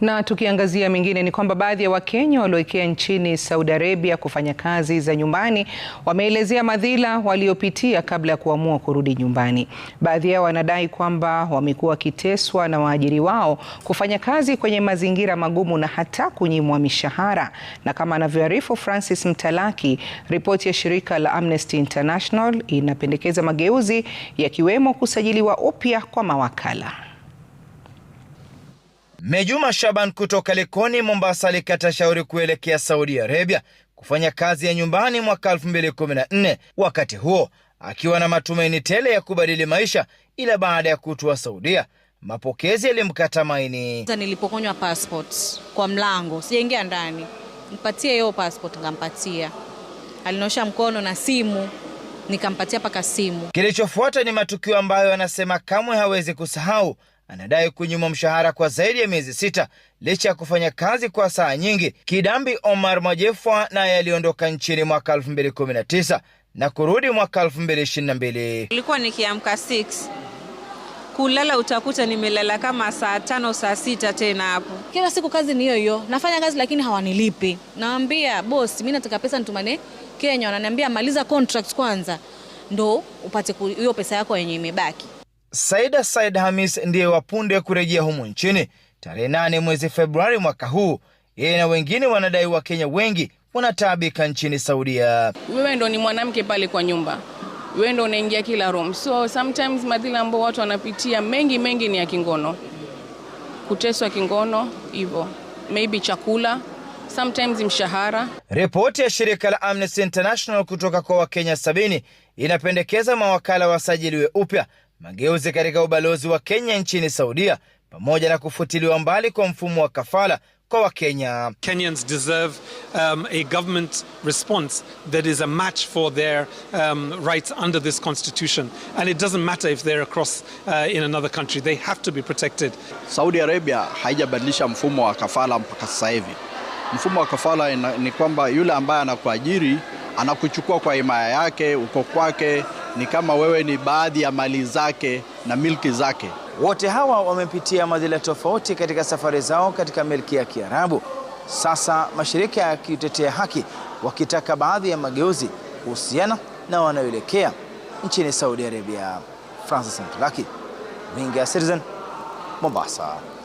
Na tukiangazia mengine ni kwamba baadhi ya Wakenya walioikia nchini Saudi Arabia kufanya kazi za nyumbani wameelezea madhila waliopitia kabla ya kuamua kurudi nyumbani. Baadhi yao wanadai kwamba wamekuwa wakiteswa na waajiri wao, kufanya kazi kwenye mazingira magumu na hata kunyimwa mishahara. Na kama anavyoarifu Francis Mtalaki, ripoti ya shirika la Amnesty International inapendekeza mageuzi yakiwemo kusajiliwa upya kwa mawakala. Mejuma Shaban kutoka Likoni, Mombasa, alikata shauri kuelekea Saudi Arabia kufanya kazi ya nyumbani mwaka 2014 wakati huo akiwa na matumaini tele ya kubadili maisha, ila baada ya kutua Saudia mapokezi yalimkata maini. Nilipokonywa passport kwa mlango, sijaingia ndani, nipatie hiyo passport, nikampatia. Alinosha mkono na simu, nikampatia mpaka simu. Kilichofuata ni matukio ambayo anasema kamwe hawezi kusahau, anadai kunyimwa mshahara kwa zaidi ya miezi sita licha ya kufanya kazi kwa saa nyingi. Kidambi Omar Mwajefwa naye aliondoka nchini mwaka 2019 na kurudi mwaka 2022. Ilikuwa nikiamka 6 kulala, utakuta nimelala kama saa tano saa sita tena hapo. Kila siku kazi ni hiyo hiyo, nafanya kazi lakini hawanilipi. nawambia bos mi nataka pesa nitumane Kenya, wananiambia maliza contract kwanza ndo upate hiyo pesa yako yenye imebaki. Saida Said Hamis ndiye wapunde kurejea humu nchini tarehe 8 mwezi Februari mwaka huu. Yeye na wengine wanadai Wakenya wengi wanataabika nchini Saudia. Wewe ndo ni mwanamke pale kwa nyumba, wewe ndo unaingia kila room, so sometimes madhila ambao watu wanapitia mengi mengi ni ya kingono, kuteswa kingono hivyo, maybe chakula sometimes mshahara. Ripoti ya shirika la Amnesty International kutoka kwa Wakenya sabini inapendekeza mawakala wasajiliwe upya mageuzi katika ubalozi wa Kenya nchini Saudia pamoja na kufutiliwa mbali kwa mfumo wa kafala kwa Wakenya. Kenyans deserve um, a government response that is a match for their um, rights under this constitution and it doesn't matter if they're across uh, in another country they have to be protected. Saudi Arabia haijabadilisha mfumo wa kafala mpaka sasa hivi. Mfumo wa kafala ni kwamba yule ambaye anakuajiri anakuchukua kwa himaya yake uko kwake ni kama wewe ni baadhi ya mali zake na milki zake. Wote hawa wamepitia madhila tofauti katika safari zao katika milki ya Kiarabu. Sasa mashirika ya haki wakitaka baadhi ya mageuzi kuhusiana na wanaoelekea nchini Saudi Arabia. Francis Mtulaki, ya Citizen, Mombasa.